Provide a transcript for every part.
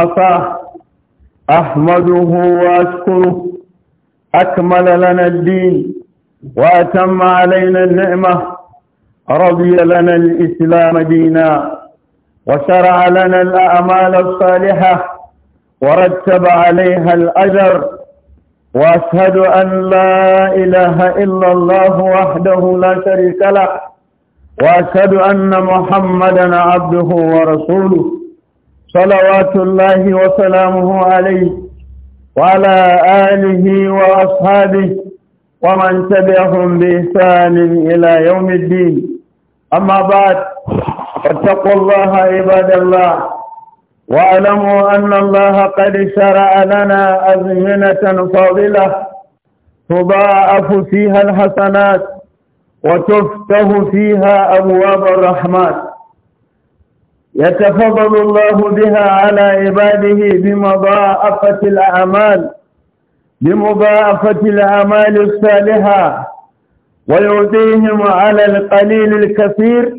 عفاه أحمده وأشكره أكمل لنا الدين وأتم علينا النعمة رضي لنا الإسلام دينا وشرع لنا الأعمال الصالحة ورتب عليها الأجر وأشهد أن لا إله إلا الله وحده لا شريك له وأشهد أن محمدا عبده ورسوله صلوات الله وسلامه عليه وعلى آله وأصحابه ومن تبعهم بإحسان إلى يوم الدين أما بعد فاتقوا الله عباد الله واعلموا أن الله قد شرع لنا أزمنة فاضلة تضاعف فيها الحسنات وتفتح فيها أبواب الرحمات يتفضل الله بها على عباده بمضاعفة الأعمال بمضاعفة الأعمال الصالحة ويعطيهم على القليل الكثير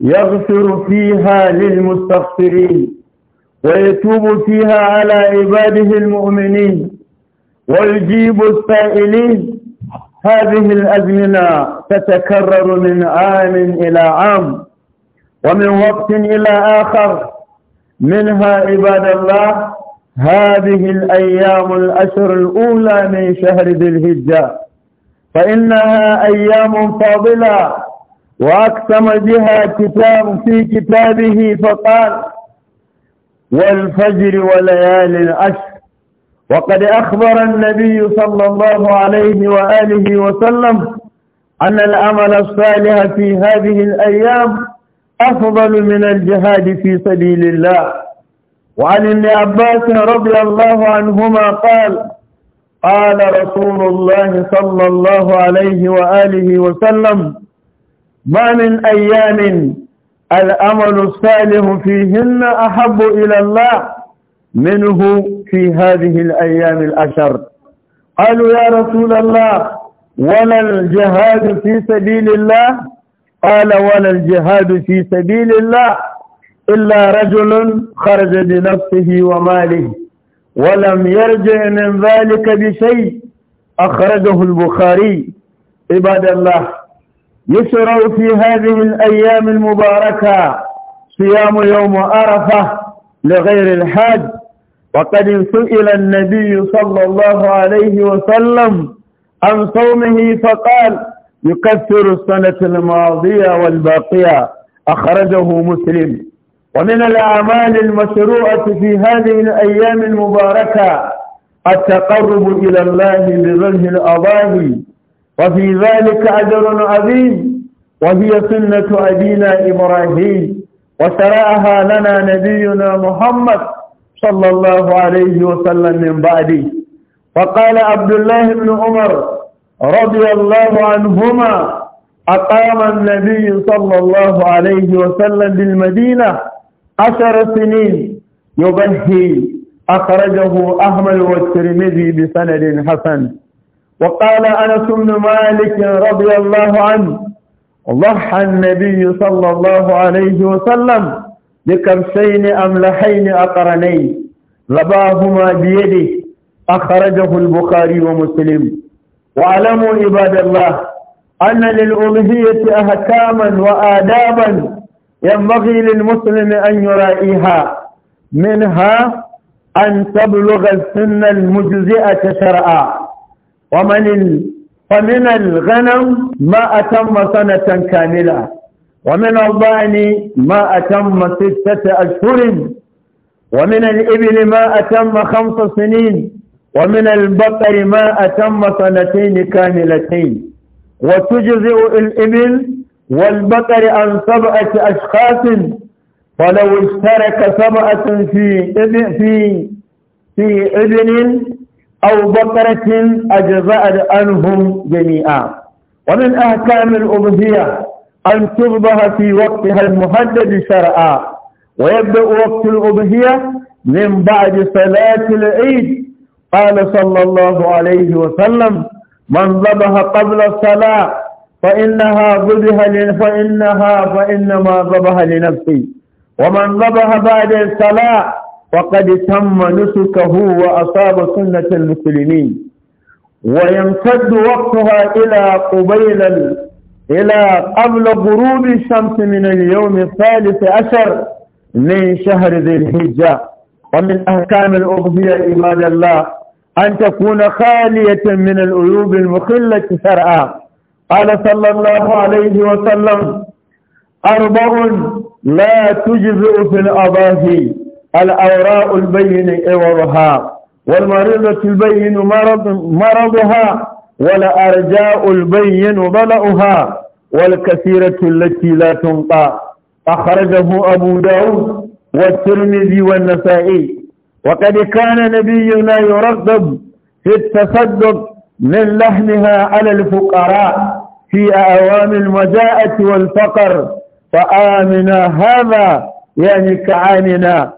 يغفر فيها للمستغفرين ويتوب فيها على عباده المؤمنين ويجيب السائلين هذه الأزمنة تتكرر من عام إلى عام ومن وقت إلى آخر منها عباد الله هذه الأيام الأشر الأولى من شهر ذي الهجة فإنها أيام فاضلة وأقسم بها كتاب في كتابه فقال والفجر وليالي العشر وقد أخبر النبي صلى الله عليه وآله وسلم أن الأمل الصالح في هذه الأيام أفضل من الجهاد في سبيل الله وعن ابن عباس رضي الله عنهما قال قال رسول الله صلى الله عليه وآله وسلم ما من أيام الأمل الصالح فيهن أحب إلى الله منه في هذه الأيام الأشر قالوا يا رسول الله ولا الجهاد في سبيل الله قال ولا الجهاد في سبيل الله إلا رجل خرج بنفسه وماله ولم يرجع من ذلك بشيء أخرجه البخاري عباد الله يسرع في هذه الأيام المباركة صيام يوم عرفة لغير الحاج وقد سئل النبي صلى الله عليه وسلم عن صومه فقال يكثر السنة الماضية والباقية أخرجه مسلم ومن الأعمال المشروعة في هذه الأيام المباركة التقرب إلى الله بظله الأضاهي وفي ذلك أجر عظيم وهي سنة أبينا إبراهيم وشرعها لنا نبينا محمد صلى الله عليه وسلم من بعده فقال عبد الله بن عمر رضي الله عنهما أقام النبي صلى الله عليه وسلم بالمدينة عشر سنين يبهي أخرجه أحمد والترمذي بسند حسن وقال أنس بن مالك رضي الله عنه ضحى النبي صلى الله عليه وسلم بكبشين أملحين أقرنين لباهما بيده أخرجه البخاري ومسلم واعلموا عباد الله أن للألوهية أحكاما وآدابا ينبغي للمسلم أن يرائيها منها أن تبلغ السن المجزئة شرعا ومن فمن الغنم ما أتم سنة كاملة ومن الضأن ما أتم ستة أشهر ومن الإبل ما أتم خمس سنين ومن البقر ما أتم سنتين كاملتين وتجزئ الإبل والبقر عن سبعة أشخاص فلو اشترك سبعة في ابن في في ابن أو بقرة أجزأت عنهم جميعا ومن أحكام الأضحية أن تذبح في وقتها المحدد شرعا ويبدأ وقت الأضحية من بعد صلاة العيد قال صلى الله عليه وسلم من ذبح قبل الصلاة فإنها ذبح فإنها فإنما ذبح لنفسه ومن ذبح بعد الصلاة فقد تم نسكه وأصاب سنة المسلمين ويمتد وقتها إلى قبيل إلى قبل غروب الشمس من اليوم الثالث عشر من شهر ذي الحجة ومن أحكام الأغذية عباد الله أن تكون خالية من العيوب المخلة شرعا قال صلى الله عليه وسلم أربع لا تجزئ في الأباهي الأوراء البين إورها والمريضة البين مرض مرضها والأرجاء البين ضلعها والكثيرة التي لا تنقى أخرجه أبو داود والترمذي والنسائي وقد كان نبينا يرغب في التصدق من لحمها على الفقراء في أعوام المجاءة والفقر فآمنا هذا يعني كعاننا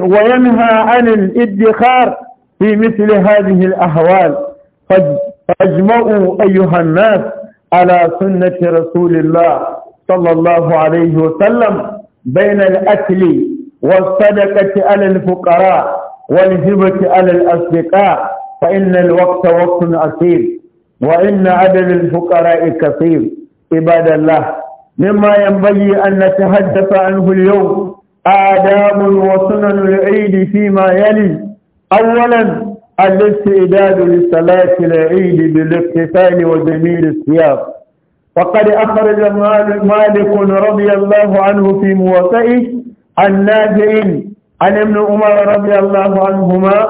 وينهى عن الادخار في مثل هذه الأهوال فاجمعوا أيها الناس على سنة رسول الله صلى الله عليه وسلم بين الأكل والصدقة على الفقراء والهبة على الأصدقاء فإن الوقت وقت أصيل وإن عدد الفقراء كثير عباد الله مما ينبغي أن نتحدث عنه اليوم آداب وسنن العيد فيما يلي أولا الاستعداد لصلاة العيد بالاقتتال وجميل الثياب وقد أخرج مالك رضي الله عنه في موطئه النافع عن ابن عمر رضي الله عنهما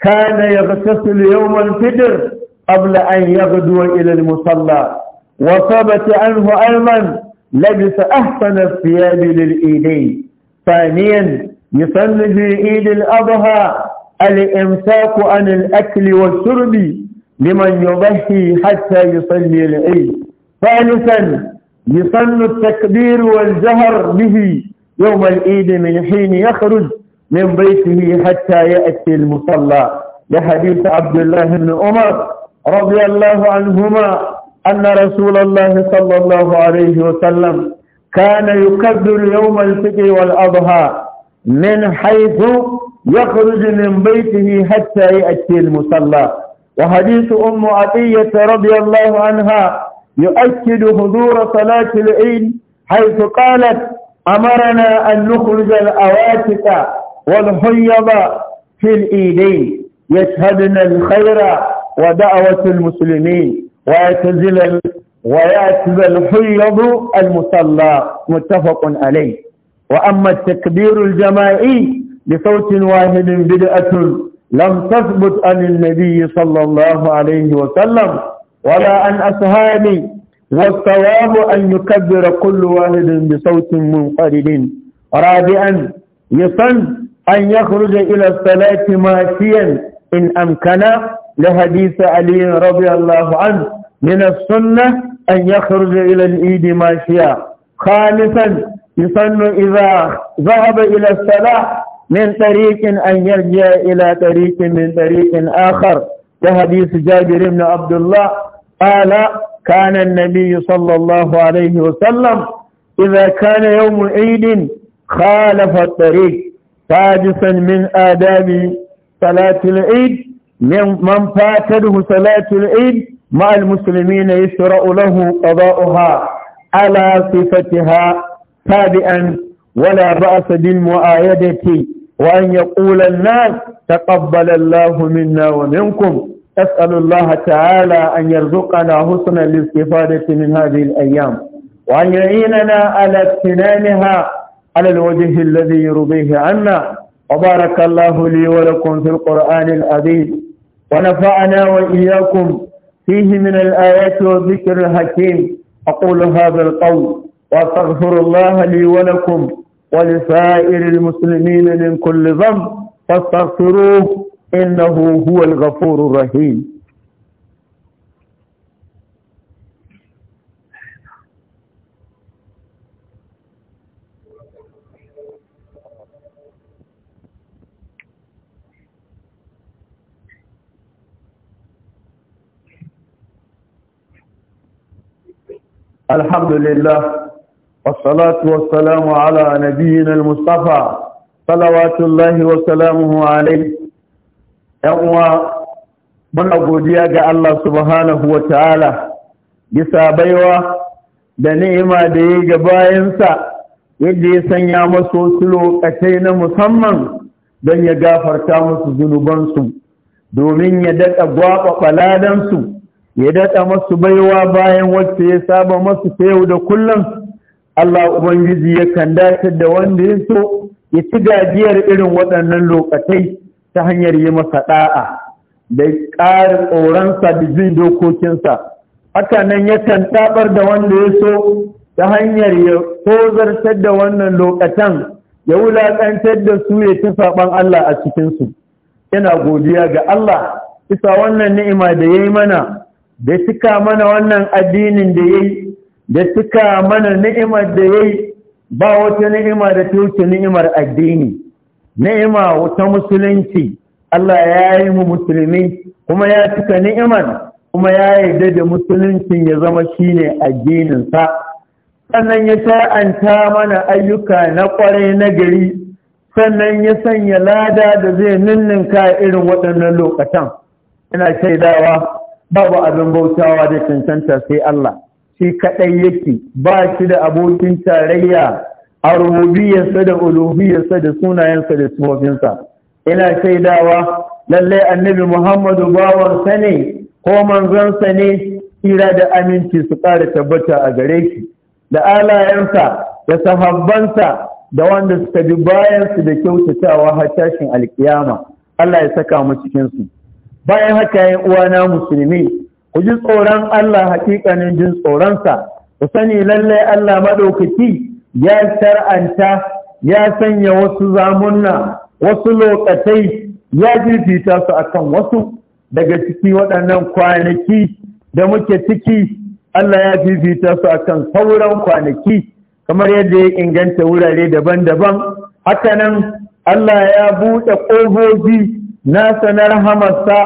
كان يغتسل يوم الفجر قبل أن يغدو إلى المصلى وثبت عنه أيضا لبس أحسن الثياب للإيدين ثانيا يصلي في عيد الأضحى الإمساك عن الأكل والشرب لمن يضحي حتى يصلي العيد ثالثا يصل التكبير والجهر به يوم العيد من حين يخرج من بيته حتى يأتي المصلى لحديث عبد الله بن عمر رضي الله عنهما أن رسول الله صلى الله عليه وسلم كان يكبر يوم الفتح والأضحى من حيث يخرج من بيته حتى يأتي المصلى وحديث أم عطية رضي الله عنها يؤكد حضور صلاة العيد حيث قالت أمرنا أن نخرج الأواتف والحيض في الإيدين يشهدن الخير ودعوة المسلمين ويتزل ويعتزل الحيض المصلى متفق عليه وأما التكبير الجماعي بصوت واحد بدعة لم تثبت عن النبي صلى الله عليه وسلم ولا عن أصحابه والصواب أن يكبر كل واحد بصوت منفرد رابعا يصن أن يخرج إلى الصلاة ماشيا إن أمكن لحديث علي رضي الله عنه من السنة أن يخرج إلى الإيد ماشيا خامسا يصن إذا ذهب إلى الصلاة من طريق أن يرجع إلى طريق من طريق آخر كحديث جابر بن عبد الله قال كان النبي صلى الله عليه وسلم إذا كان يوم عيد خالف الطريق سادسا من آداب صلاة العيد من فاتده صلاة العيد مع المسلمين يشرع له قضاؤها على صفتها تابعا ولا بأس بالمؤايدة وأن يقول الناس تقبل الله منا ومنكم أسأل الله تعالى أن يرزقنا حسن الاستفادة من هذه الأيام وأن يعيننا على اتنانها على الوجه الذي يرضيه عنا وبارك الله لي ولكم في القرآن العظيم ونفعنا وإياكم فيه من الآيات والذكر الحكيم أقول هذا القول وأستغفر الله لي ولكم ولسائر المسلمين من كل ذنب فاستغفروه إنه هو الغفور الرحيم الحمد لله والصلاة والسلام على نبينا المصطفى صلوات الله وسلامه عليه Yan uwa muna godiya ga Allah subhanahu wa ta'ala bisa baiwa da ni'ima da ya ga bayansa yadda ya sanya masu wasu lokacai na musamman don ya gafarta musu zunubansu domin ya daɗa gwaɓa ɓaladansu ya daɗa masu baiwa bayan wacce ya saba masu ta yau da kullum Allah Ubangiji yakan dace da wanda ya so ya ci gajiyar irin waɗannan lokacai ta hanyar yi masa da'a da ƙarin tsoronsa da jin dokokinsa haka nan yakan tabar da wanda ya so ta hanyar ya tozartar da wannan lokacin ya wulaƙantar da su ya ci saɓan Allah a cikinsu yana godiya ga Allah isa wannan ni'ima da ya yi mana da cika mana wannan addinin da ya yi da cika mana ni'imar da ya yi ba wata ni'ima da ta ni'imar addini ni'ima wata musulunci Allah ya yi mu musulmi kuma ya cika ni'imar kuma ya yarda da musuluncin ya zama shine addininsa sannan ya sha'anta mana ayyuka na kwarai na gari sannan ya sanya lada da zai ninninka irin waɗannan lokacin yana shaidawa babu abin bautawa da cancanta sai Allah shi kaɗai yake ba shi da abokin tarayya a rububiyarsa da uluhiyarsa da sunayensa da sifofinsa ina shaidawa lallai annabi muhammadu bawarsa ne ko manzansa ne tsira da aminci su ƙara tabbata a gare shi da alayensa da sahabbansa da wanda suka bi bayansu da kyautatawa har tashin alkiyama Allah ya saka mu cikinsu bayan haka yan uwana musulmi ku ji tsoron Allah hakikanin jin tsoronsa ku sani lallai Allah maɗaukaki ya shar'anta ya sanya wasu zamunna wasu lokatai ya jirfita su akan wasu daga ciki waɗannan kwanaki da muke ciki Allah ya fifita su akan sauran kwanaki kamar yadda ya inganta wurare daban-daban haka nan Allah ya buɗe ƙofofi nasa na rahamarsa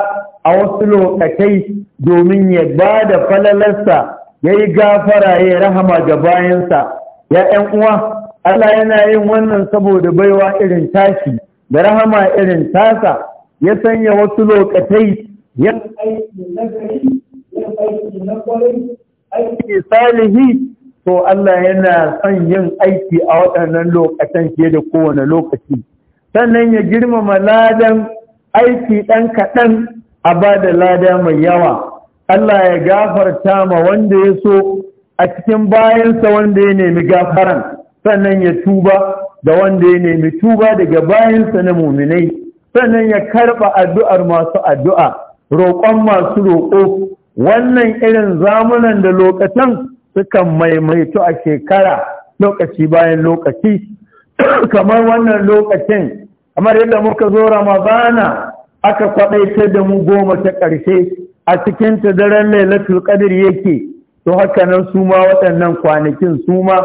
a wasu lokatai domin ya ba da falalarsa ya yi gafara ya rahama ga bayansa ya 'yan uwa Allah yana yin wannan saboda baiwa irin tashi da rahama irin tasa ya sanya wasu lokatai ya aiki na gari ya aiki na aiki salihi to Allah yana son yin aiki a waɗannan lokacin fiye da kowane lokaci sannan ya girmama ladan aiki ɗan kaɗan a ba da lada mai yawa Allah ya gafarta ma wanda ya so a cikin bayansa wanda ya nemi gafaran sannan ya tuba da wanda ya nemi tuba daga bayansa na muminai sannan ya karɓa addu'ar masu addu'a roƙon masu roƙo wannan irin zamunan da lokacin sukan maimaito a shekara lokaci bayan lokaci kamar wannan lokacin kamar yadda muka zo ramadana aka kwaɗaitar da mu goma ta ƙarshe a cikin ta daren lailatul qadr yake to haka nan su ma waɗannan kwanakin su ma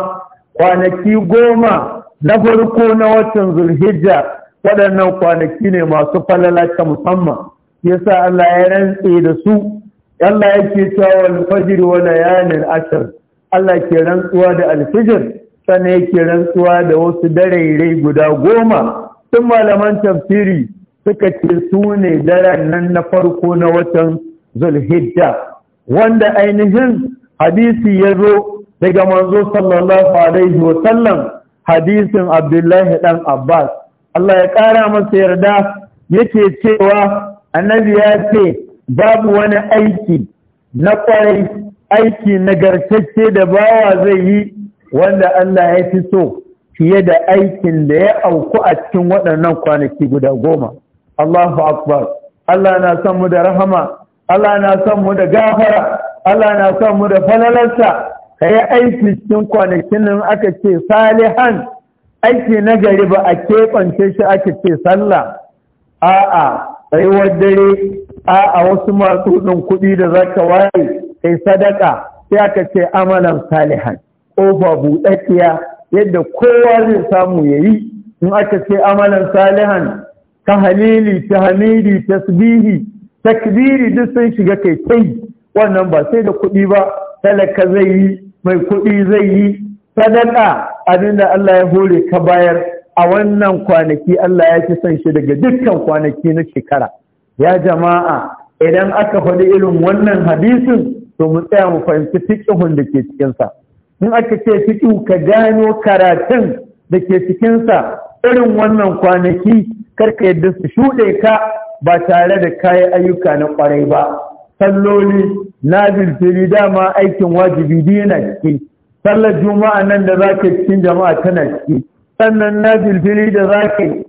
kwanaki goma na farko na watan zulhijja waɗannan kwanaki ne masu falala ta musamman yasa Allah ya rantse da su Allah yake cewa alfajir wa layalin ashir Allah ke rantsuwa da alfijir sannan yake rantsuwa da wasu darairai guda goma tun malaman tafsiri suka ce su ne daren nan na farko na watan zulhijja wanda ainihin hadisi ya zo daga manzo sallallahu alaihi wa sallam hadisin abdullahi dan abbas Allah ya kara masa yarda yake cewa annabi ya ce babu wani aiki na kwarai aiki na nagartacce da bawa zai yi wanda Allah ya fi so fiye da aikin da ya auku a cikin waɗannan kwanaki guda goma Allahu akbar Allah na san mu da rahama Allah na san mu da gafara Allah na son mu da falalarsa ka yi aiki cikin kwanakin nan aka ce salihan aiki na gari ba a keɓance shi aka ce sallah a'a tsayuwar dare a'a wasu masu ɗin kuɗi da za ka waye kai sadaka sai aka ce amalan salihan ƙofa buɗaɗɗiya yadda kowa zai samu ya yi in aka ce amalan salihan ta halili ta hamidi ta takbiri duk sun shiga kai kai wannan ba sai da kuɗi ba talaka zai yi mai kuɗi zai yi sadaka abinda Allah ya hore ka bayar a wannan kwanaki Allah ya ci son shi daga dukkan kwanaki na shekara ya jama'a idan aka faɗi irin wannan hadisin to mu tsaya mu fahimci fiƙihun da ke cikinsa in aka ce fiƙi ka gano karatun da ke cikinsa irin wannan kwanaki karka yadda su shuɗe ka ba tare da kayan ayyuka na ƙwarai ba salloli na bilfili dama aikin wajibi biyu yana ciki sallar juma'a nan da za ka cikin jama'a tana ciki sannan na bilfili da za ka yi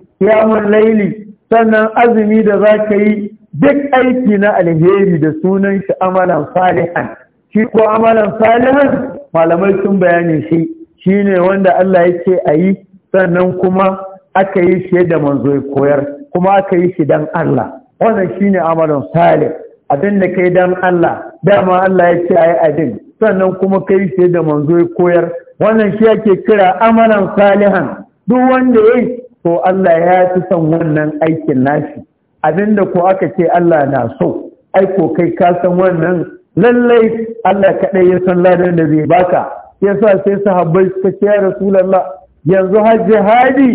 laili sannan azumi da za ka yi duk aiki na alheri da sunan shi amalan salihan shi ko amalan salihan malamai sun bayani shi Shi ne wanda Allah ya ce a yi sannan kuma aka yi shi da manzo koyar kuma aka yi shi dan Allah wannan shi ne amalan salih abin da kai dan Allah dama Allah ya ce ayi abin sannan kuma kai shi da manzo ya koyar wannan shi yake kira amalan salihan duk wanda yayi to Allah ya fi son wannan aikin nashi abinda ko aka ce Allah na so ai ko kai ka san wannan lallai Allah kaɗai ya san ladan da zai baka yasa sai sahabbai suka ce ya rasulullah yanzu har jihadi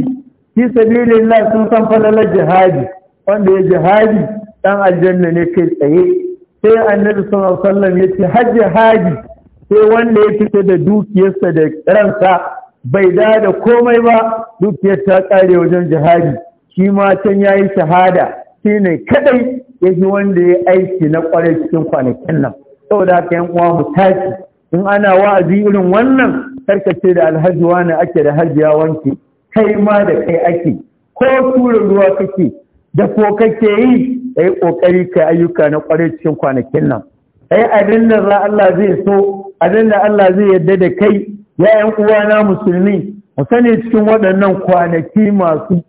fi sabilillah sun san falalar jihadi wanda ya jihadi ɗan aljanna ne kai tsaye sai annabi sallallahu alaihi ya ce hajji haji sai wanda ya fita da dukiyarsa da ransa bai da da komai ba dukiyar ta kare wajen jihadi shi ma can ya shahada shi ne kadai ya wanda ya aiki na kwarai cikin kwanakin nan saboda haka yan uwa mu tashi in ana wa'azi irin wannan karkace da alhaji wani ake da hajiya wanke kai ma da kai ake ko turin ruwa kake da ko kake yi yi ƙoƙari ka ayyuka na kwarai cikin kwanakin nan ai abin da za Allah zai so abin da Allah zai yarda da kai yayan uwana musulmi mu sani cikin waɗannan kwanaki masu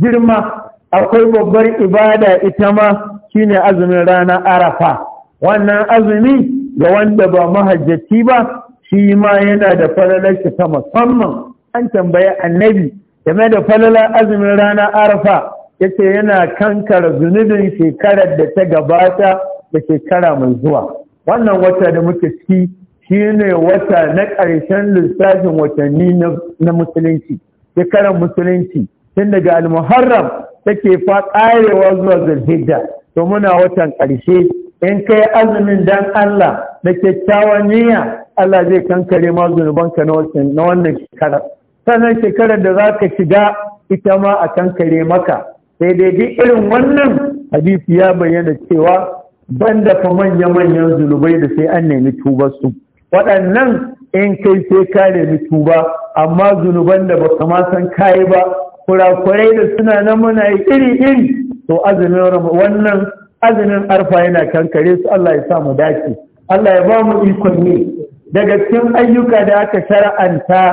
girma akwai babbar ibada ita ma shine azumin rana arafa wannan azumi ga wanda ba mahajjaci ba shi ma yana da falalar ta musamman an tambayi annabi game da falalar azumin rana arafa yace yana kankara zunubin shekarar da ta gabata da shekara mai zuwa wannan wata da muke ciki ne wata na ƙarshen lissafin watanni na musulunci shekarar musulunci tun daga almuharram take fa ƙarewa zuwa zulhijja to muna watan ƙarshe in kai azumin dan Allah da kyakkyawan niyya Allah zai kankare ma zunubanka na wannan shekarar sannan shekarar da za ka shiga ita ma a kankare maka sai dai duk irin wannan hadisi ya bayyana cewa ban fa manya-manyan zunubai da sai an nemi tuba su. waɗannan in kai sai ka nemi tuba amma zunuban da ba kama san kayi ba kurakurai da suna nan muna iri-iri to azumin wannan azumin arfa yana kankare su Allah ya sa mu dace Allah ya ba mu ikon ne daga cikin ayyuka da aka shara'anta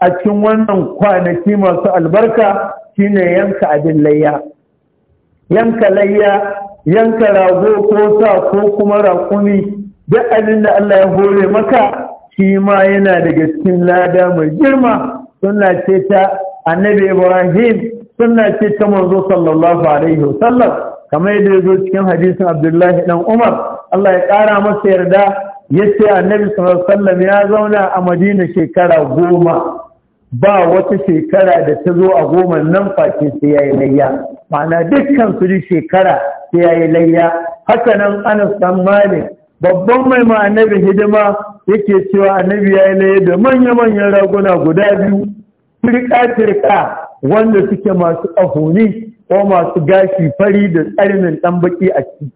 a cikin wannan kwanaki masu albarka shine yanka abin layya yanka layya yanka rago ko sa ko kuma raƙumi duk abin da Allah ya hore maka shi ma yana daga cikin lada mai girma suna ce ta annabi Ibrahim suna ce ta manzo sallallahu alaihi wasallam kamar yadda zo cikin hadisin Abdullahi dan Umar Allah ya ƙara masa yarda yace annabi sallallahu alaihi wasallam ya zauna a Madina shekara goma ba wata shekara da ta zo a goma nan fashin sai ya yi layya ma'ana dukkan su ji shekara sai ya yi layya haka nan ana babban mai ma'anar hidima yake cewa annabi ya yi layya da manya-manyan raguna guda biyu turka-turka wanda suke masu ƙahoni ko masu gashi fari da tsarinin ɗan baki a ciki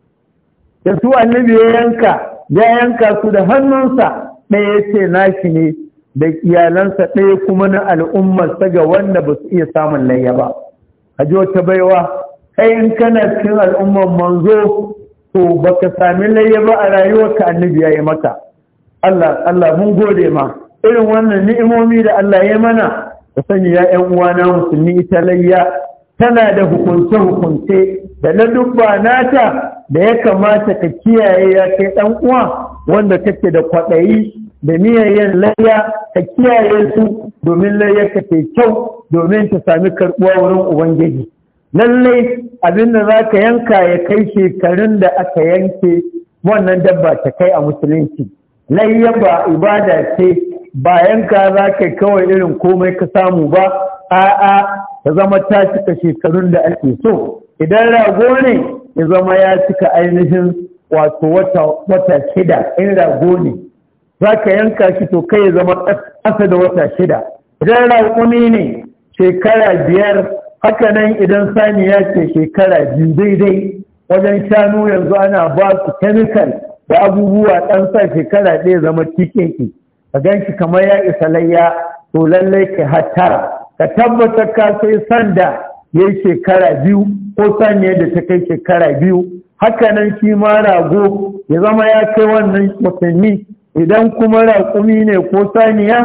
da su annabi ya yanka ya yanka su da hannunsa ɗaya ce nashi ne da iyalansa ɗaya kuma na al'ummarsa ga wanda ba su iya samun layya ba a ji wata baiwa kai in kana cikin al'ummar manzo to ka sami layya ba a rayuwar ka annabi ya yi maka Allah Allah mun gode ma irin wannan ni'imomi da Allah ya mana Ka sani ya ƴan uwana musulmi ita layya tana da hukunce hukunce da na dubba nata da ya kamata ka kiyaye ya kai ɗan uwa wanda kake da kwaɗayi da miyayyen layya ka kiyaye su domin layya ka ke kyau domin ta sami karɓuwa wurin ubangiji lallai abin da za ka yanka ya kai shekarun da aka yanke wannan dabba ta kai a musulunci layya ba ibada ce ba yanka za ka kawai irin komai ka samu ba a'a ta zama ta cika shekarun da ake so idan rago ne ya zama ya cika ainihin wato wata shida in rago ne za ka yanka shi to kai ya zama ƙasa da wata shida idan raƙumi ne shekara biyar haka nan idan ya ce shekara biyu daidai wajen shanu yanzu ana ba su kemikal da abubuwa ɗan sa shekara ɗaya zama cikin ki. ka gan shi kamar ya isa layya to lallai ka hatara ka tabbatar ka sai sanda ya yi shekara biyu ko saniyar da ta kai shekara biyu Hakanan shi ma rago ya zama ya kai wannan watanni idan kuma raƙumi ne ko saniya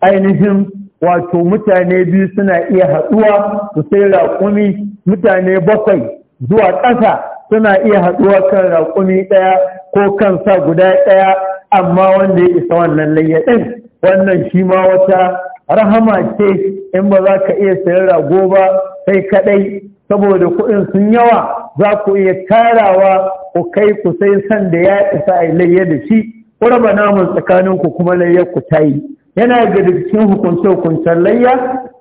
ainihin wato mutane biyu suna iya haɗuwa su sai raƙumi mutane bakwai zuwa ƙasa suna iya haɗuwa kan raƙumi ɗaya ko kan sa guda ɗaya amma wanda ya isa wannan layya ɗin wannan shi ma wata rahama ce in ba za ka iya sayar rago ba sai kaɗai saboda kuɗin sun yawa za ku iya tarawa ku kai ku sai san ya isa a layya da shi ku raba naman tsakaninku kuma layyar ku ta yi yana ga cikin hukunce-hukuncen layya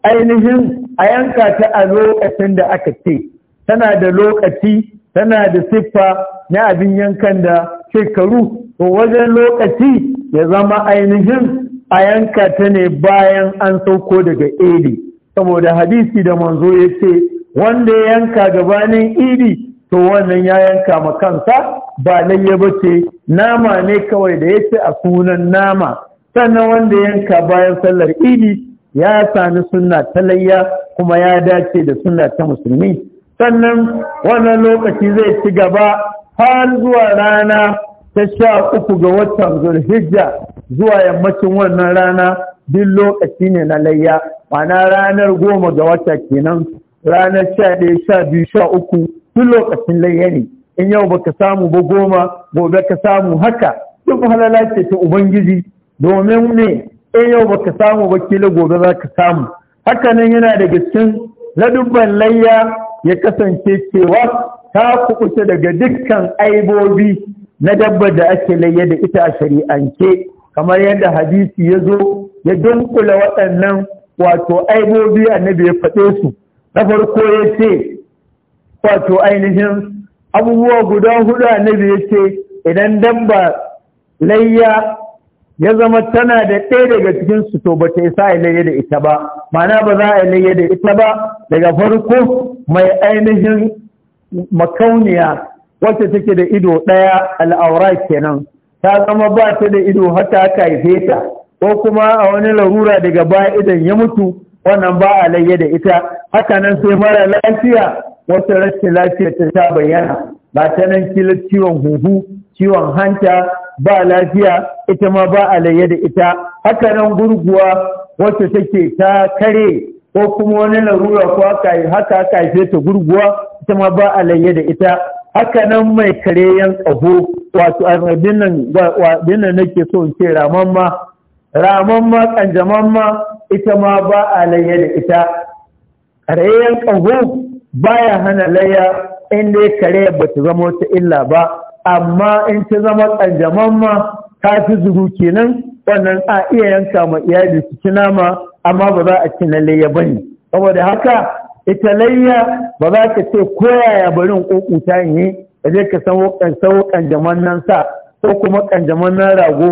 ainihin a yanka ta a lokacin da aka ce tana da lokaci tana da siffa na abin yankan da shekaru to wajen lokaci ya zama ainihin a yanka ta ne bayan an sauko daga eli saboda hadisi da manzo ya ce wanda ya yanka gabanin idi to wannan ya yanka ma kansa ba layya ba ce nama ne kawai da ya ce a sunan nama sannan wanda yanka bayan sallar idi ya sami sunna ta layya kuma ya dace da sunna ta musulmi sannan wannan lokaci zai ci gaba har zuwa rana ta sha uku ga watan zulhijja zuwa yammacin wannan rana duk lokaci ne na layya ma'ana ranar goma ga wata kenan ranar sha ɗaya sha biyu sha uku duk lokacin layya ne in yau baka samu ba goma gobe ka samu haka duk halala ce ta ubangiji domin ne in yau baka samu ba kila gobe za ka samu haka nan yana da cikin ladubban layya ya kasance cewa ta kuɓuta daga dukkan aibobi na dabbar da ake layya da ita a shari'ance kamar yadda hadisi ya zo ya dunkula waɗannan wato aibobi annabi ya faɗe su na farko ya ce wato ainihin abubuwa guda hudu a nabi ya ce idan dabba layya ya zama tana da ɗaya daga cikin su to ba ta isa a layya da ita ba mana ba za a layya da ita ba daga farko mai ainihin makauniya wacce take da ido ɗaya al'aura kenan ta zama ba ta da ido hata ka haife ta ko kuma a wani larura daga baya idan ya mutu wannan ba a layya da ita haka nan sai mara lafiya wasu rashin lafiya ta ta bayyana ba ta nan kila ciwon huhu ciwon hanta ba lafiya ita ma ba a alayya da ita haka nan gurguwa wacce take ta kare ko kuma wani larura ko haka aka haife ta gurguwa ita ma ba a layya da ita haka nan mai yan ƙaho wato abin nan nake so in ce ramamma ramamma kanjamamma ita ma ba a layya da ita kareyan ƙaho baya hana layya in dai kare ba ta zama wata illa ba amma in ta zama kanjaman ma ta fi zuru kenan wannan a iya yanka ma iyali su ci nama amma ba za a ci na layya ba ne saboda haka ita layya ba za ka ce koyaya barin kokuta ne ka je ka san kanjaman nan sa ko kuma kanjaman nan rago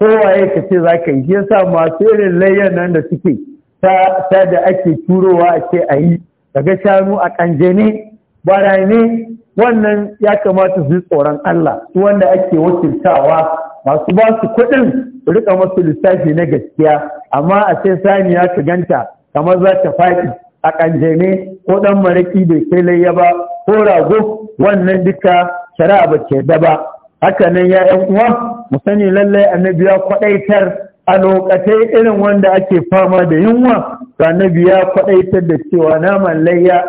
kowaye ka ce za ka yi ya yasa masu irin layyan nan da suke ta da ake turowa a ce a yi daga shanu a ƙanjene barane wannan ya kamata su yi tsoron Allah su wanda ake wakiltawa masu ba su kuɗin rika masu lissafi na gaskiya amma a sai saniya ka ganta kamar za ta faɗi a ne ko ɗan maraƙi bai kai layya ba ko rago wannan duka shari'a ba ke da ba haka nan ya uwa mu sani lallai annabi ya kwaɗaitar a lokatai irin wanda ake fama da yunwa to annabi ya kwadaitar da cewa naman layya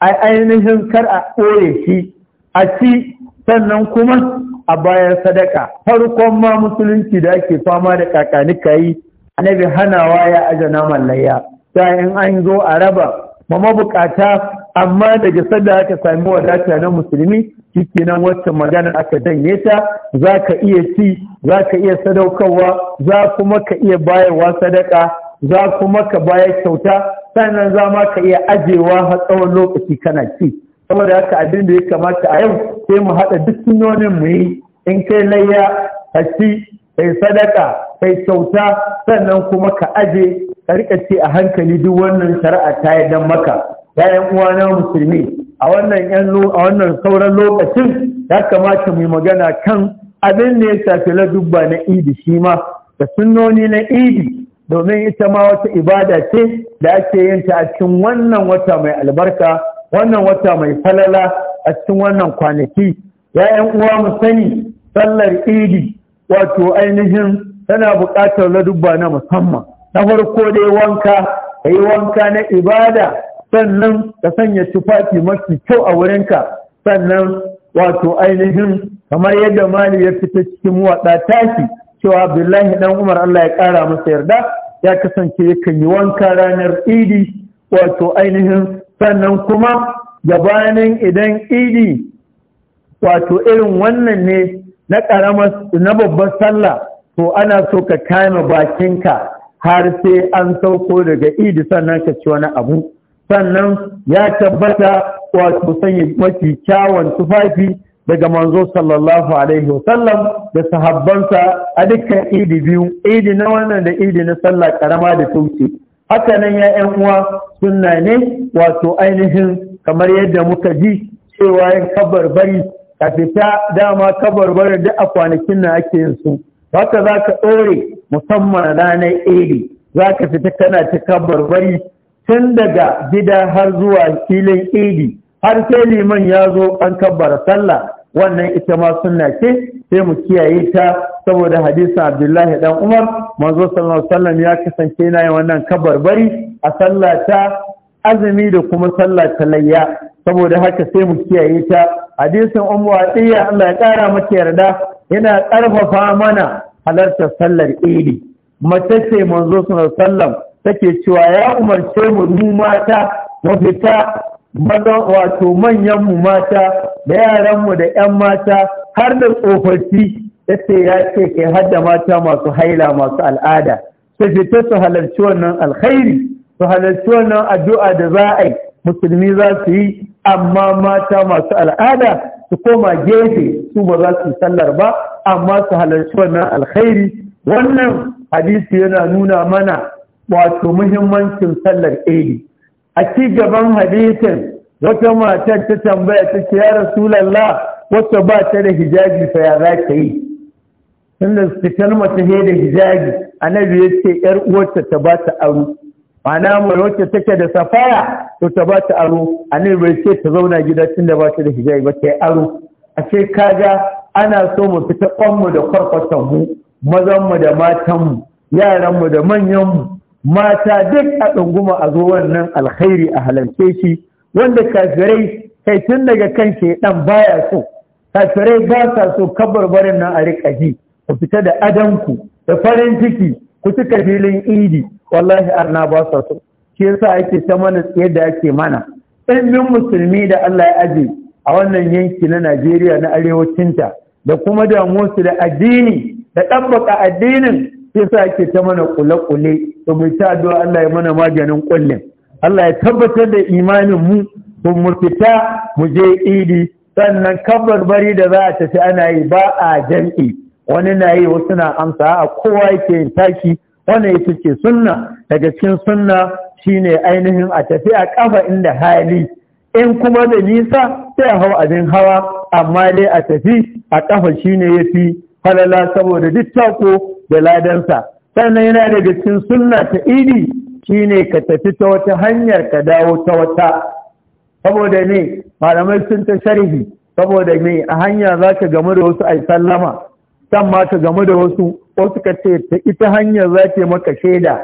a ainihin kar a ɓoye shi a ci sannan kuma a bayan sadaka farkon ma musulunci da ake fama da kakanika yi annabi hanawa ya aje naman layya sai in an zo a raba ma mabukata amma daga sadda aka sami wadata na musulmi nan wacce magana aka danye ta za ka iya ci za ka iya sadaukarwa za kuma ka iya bayarwa sadaka za kuma ka bayar kyauta sannan za ma ka iya ajewa har tsawon lokaci kana ci saboda haka abin da ya kamata a yau sai mu haɗa duk sunonin mu yi in kai layya ka ci kai sadaka kai kyauta sannan kuma ka aje ka rika ce a hankali duk wannan shari'a ta yi dan maka uwa uwana musulmi a wannan sauran lokacin ya kamata mu magana kan abin da ya shafi ladubba na idi shi ma da sunnoni na idi domin ita ma wata ibada ce da ake yin ta a cikin wannan wata mai albarka wannan wata mai falala a cikin wannan kwanaki ya uwa mu sani sallar idi wato ainihin tana buƙatar ladubba na musamman na farko dai wanka ka yi wanka na ibada sannan ka sanya tufafi mafi kyau a wurinka sannan wato ainihin kamar yadda mali ya fita cikin waɗa tashi cewa abdullahi dan umar allah ya ƙara masa yarda ya kasance kan yi wanka ranar idi wato ainihin sannan kuma gabanin idan idi wato irin wannan ne na ƙaramar na babbar sallah to ana so ka kame bakinka har sai an sauko daga idi sannan ka ci wani abu sannan ya tabbata wato sanya mafi kyawun tufafi daga manzo sallallahu alaihi wasallam da sahabbansa a dukkan idi biyu idi na wannan da idi na sallah karama da sauce haka nan ya yan uwa sunna ne wato ainihin kamar yadda muka ji cewa yin bari ka fita dama kabar bari da a kwanakin na ake yin su haka za ka ɗore musamman ranar idi za ka fita kana ta bari tun daga gida har zuwa filin idi har sai liman ya zo an kabbara sallah wannan ita ma sunna ce sai mu kiyaye ta saboda hadisin Abdullahi dan Umar manzo sallallahu alaihi wasallam ya kasance yana yin wannan bari a sallah ta azumi da kuma sallah ta layya saboda haka sai mu kiyaye ta hadisin Ummu Atiya Allah ya kara mata yarda yana karfafa mana halartar sallar Idi mace ce manzo sallallahu alaihi wasallam take cewa ya umarce mu mu mata mu fita maza wato manyan mu mata da yaran mu da ƴan mata har da tsofaffi yace ya ce kai hadda mata masu haila masu al'ada su fita su halarci wannan alkhairi su halarci wannan addu'a da za a yi musulmi za su yi amma mata masu al'ada su koma gefe su ba za su sallar ba amma su halarci wannan alkhairi wannan hadisi yana nuna mana wato muhimmancin sallar idi a ci gaban hadisin wata matar ta tambaya ta ce ya rasulallah wata ba ta da hijabi fa ya za ta yi tunda su kalma ta da hijabi annabi ya ce yar uwarta ta ba ta aro ma'ana mai wacce take da safaya to ta ba ta aro annabi bai ce ta zauna gida tunda ba ta da hijabi ba ta yi aro a ce kaga ana so mu fita kwanmu da kwarkwatan mu mazanmu da matanmu yaranmu da manyanmu mata duk a ɗunguma a zo wannan alkhairi a halarce shi wanda kafirai kai tun daga kan dan baya so kafirai ba sa so barin nan a riƙa ji ku fita da adanku da farin ciki ku cika filin idi wallahi arna ba sa so shi yasa ake ta mana tsaye da ake mana min musulmi da Allah ya aje a wannan yanki na Najeriya na arewacinta da kuma da da addini da baka addinin yasa ake ta mana kule-kule to mu ta addu'a Allah ya mana maganin kullin Allah ya tabbatar da imanin mu to mu fita mu je idi sannan kabbar bari da za a tafi ana yi ba a jam'i wani na yi wasu na amsa a kowa yake yin taki Wani ya ce sunna daga cikin sunna shine ainihin a tafi a kafa inda hali in kuma da nisa sai hau abin hawa amma dai a tafi a kafa shine yafi falala saboda duk tako da ladansa sannan yana daga cikin sunna ta idi shine ka tafi ta wata hanyar ka dawo ta wata saboda ne malamai sun ta sharhi saboda me a hanya za ka gamu da wasu ai sallama san ma ka gamu da wasu wasu ka ce ta ita hanyar za ta maka shaida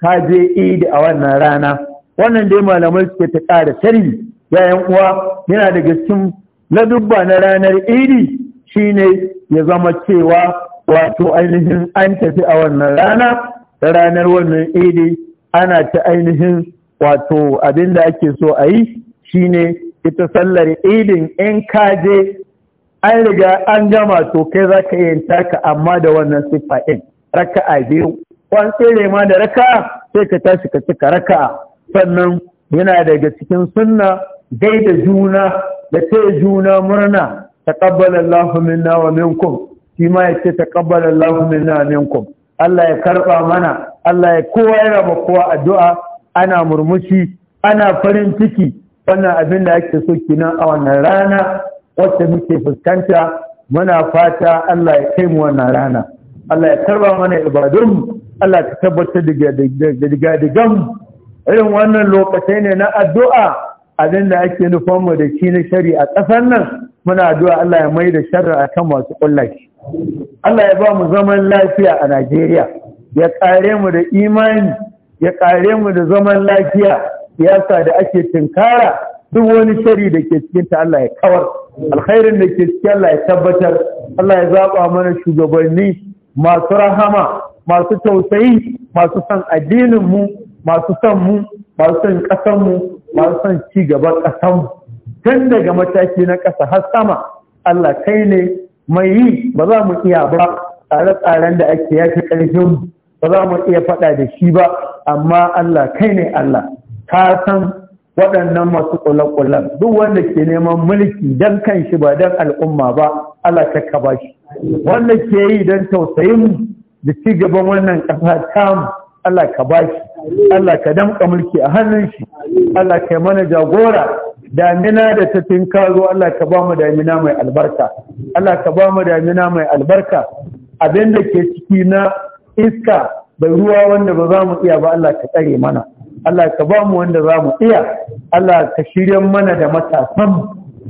ka je idi a wannan rana wannan dai malamai suke ta ƙara sharhi yayan uwa yana daga cikin ladubba na ranar idi shine ya zama cewa wato ainihin an tafi a wannan rana da ranar wannan idi ana ta ainihin wato abin da ake so a yi shi ne. ita sallar idin in ka an riga an gama to kai za ka yin taka amma da wannan siffa ɗin raka'a biyu wani tsere ma da raka'a sai ka tashi ka cika raka'a sannan yana daga cikin sunna gaida juna da ta juna murna ta Allahu minna wa minkum shi ma ya ce taqabbala Allahu minna minkum Allah ya karba mana Allah ya kowa yana ba kowa addu'a ana murmushi ana farin ciki wannan abin da ake so kinan a wannan rana wacce muke fuskanta muna fata Allah ya kai mu wannan rana Allah ya karba mana ibadun Allah ka tabbatar da digadigan irin wannan lokacin ne na addu'a abin da ake nufan mu da shi na shari a ƙasar nan muna addu'a Allah ya mai da sharri kan masu kullashi Allah ya ba mu zaman lafiya a Najeriya ya ƙare mu da imani ya ƙare mu da zaman lafiya siyasa da ake tinkara duk wani shari da ke cikin ta Allah ya kawar alkhairin da ke ciki, Allah ya tabbatar Allah ya zaɓa mana shugabanni masu rahama masu tausayi masu san addininmu, masu san mu masu son ƙasan mu masu son ci gaban ƙasanmu. tun daga mataki na ƙasa har sama Allah kai ne mai yi ba za mu iya ba tsare-tsaren da ake ya fi ƙarfin ba za mu iya faɗa da shi ba amma Allah kai ne Allah ka san waɗannan masu ƙulaƙulan duk wanda ke neman mulki don kan shi ba don al'umma ba Allah ka ba shi wanda ke yi don tausayin da ci gaban wannan ƙasa tamu Allah ka ba shi Allah ka damƙa mulki a hannun shi Allah ka mana jagora damina da ta tinkaro Allah ka ba mu damina mai albarka Allah ka ba mu damina mai albarka abin da ke ciki na iska bai ruwa wanda ba za mu iya ba Allah ka tsare mana Allah ka ba mu wanda za mu iya Allah ka shirya mana da matasan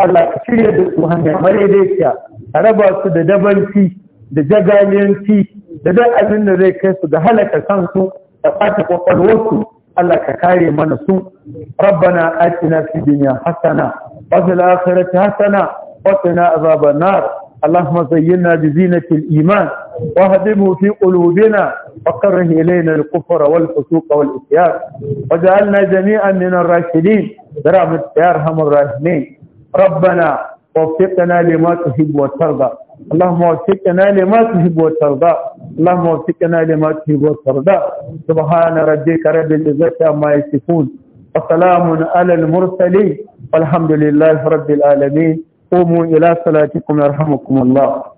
Allah ka shirya da su hanyar madaidaiciya a raba su da dabanci da jagaliyanci da duk abin da zai kai su ga halaka kansu da ɓata kwakwalwarsu Allah ka kare mana su rabbana atina fid dunya hasana wa fil akhirati hasana wa qina azaban nar اللهم زينا بزينة الإيمان وهدمه في قلوبنا وقره إلينا الكفر والفسوق والإسيار وجعلنا جميعا من الراشدين برحمتك يا أرحم الراحمين ربنا وفقنا لما تحب وترضى اللهم وفقنا لما تحب وترضى اللهم وفقنا لما تحب وترضى سبحان ربك رب العزة عما يصفون وسلام على المرسلين والحمد لله رب العالمين قوموا إلى صلاتكم يرحمكم الله